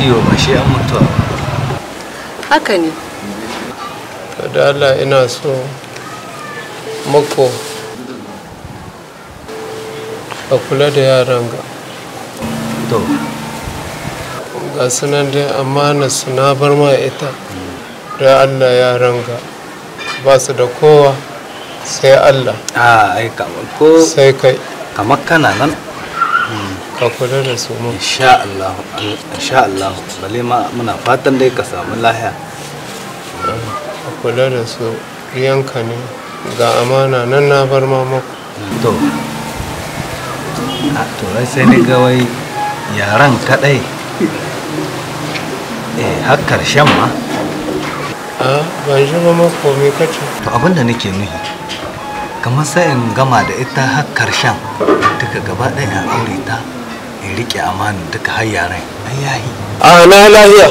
ciwo ba shi an mutuwa ba haka ne to da Allah ina so mako a kula da yaran ga to ga sunan dai amana suna bar ma ita da Allah yaran ga ba su da kowa sai Allah a ah, ai ko sai kai kamar kana nan ka kula da su mu insha Allah insha Allah bale ma muna fatan dai ka samu lahiya ka kula da su riyanka ne ga amana nan na bar ma muku to a ah, to sai ni ga wai yaran kadai eh har karshen ma a ah, ban ji ba ma komai kace to abinda nake nuhi kamar sai gama da ita har karshen duka gaba ɗaya aure ta in riƙe amanin duka har yaren ayyahi yayi ah, a na lahiya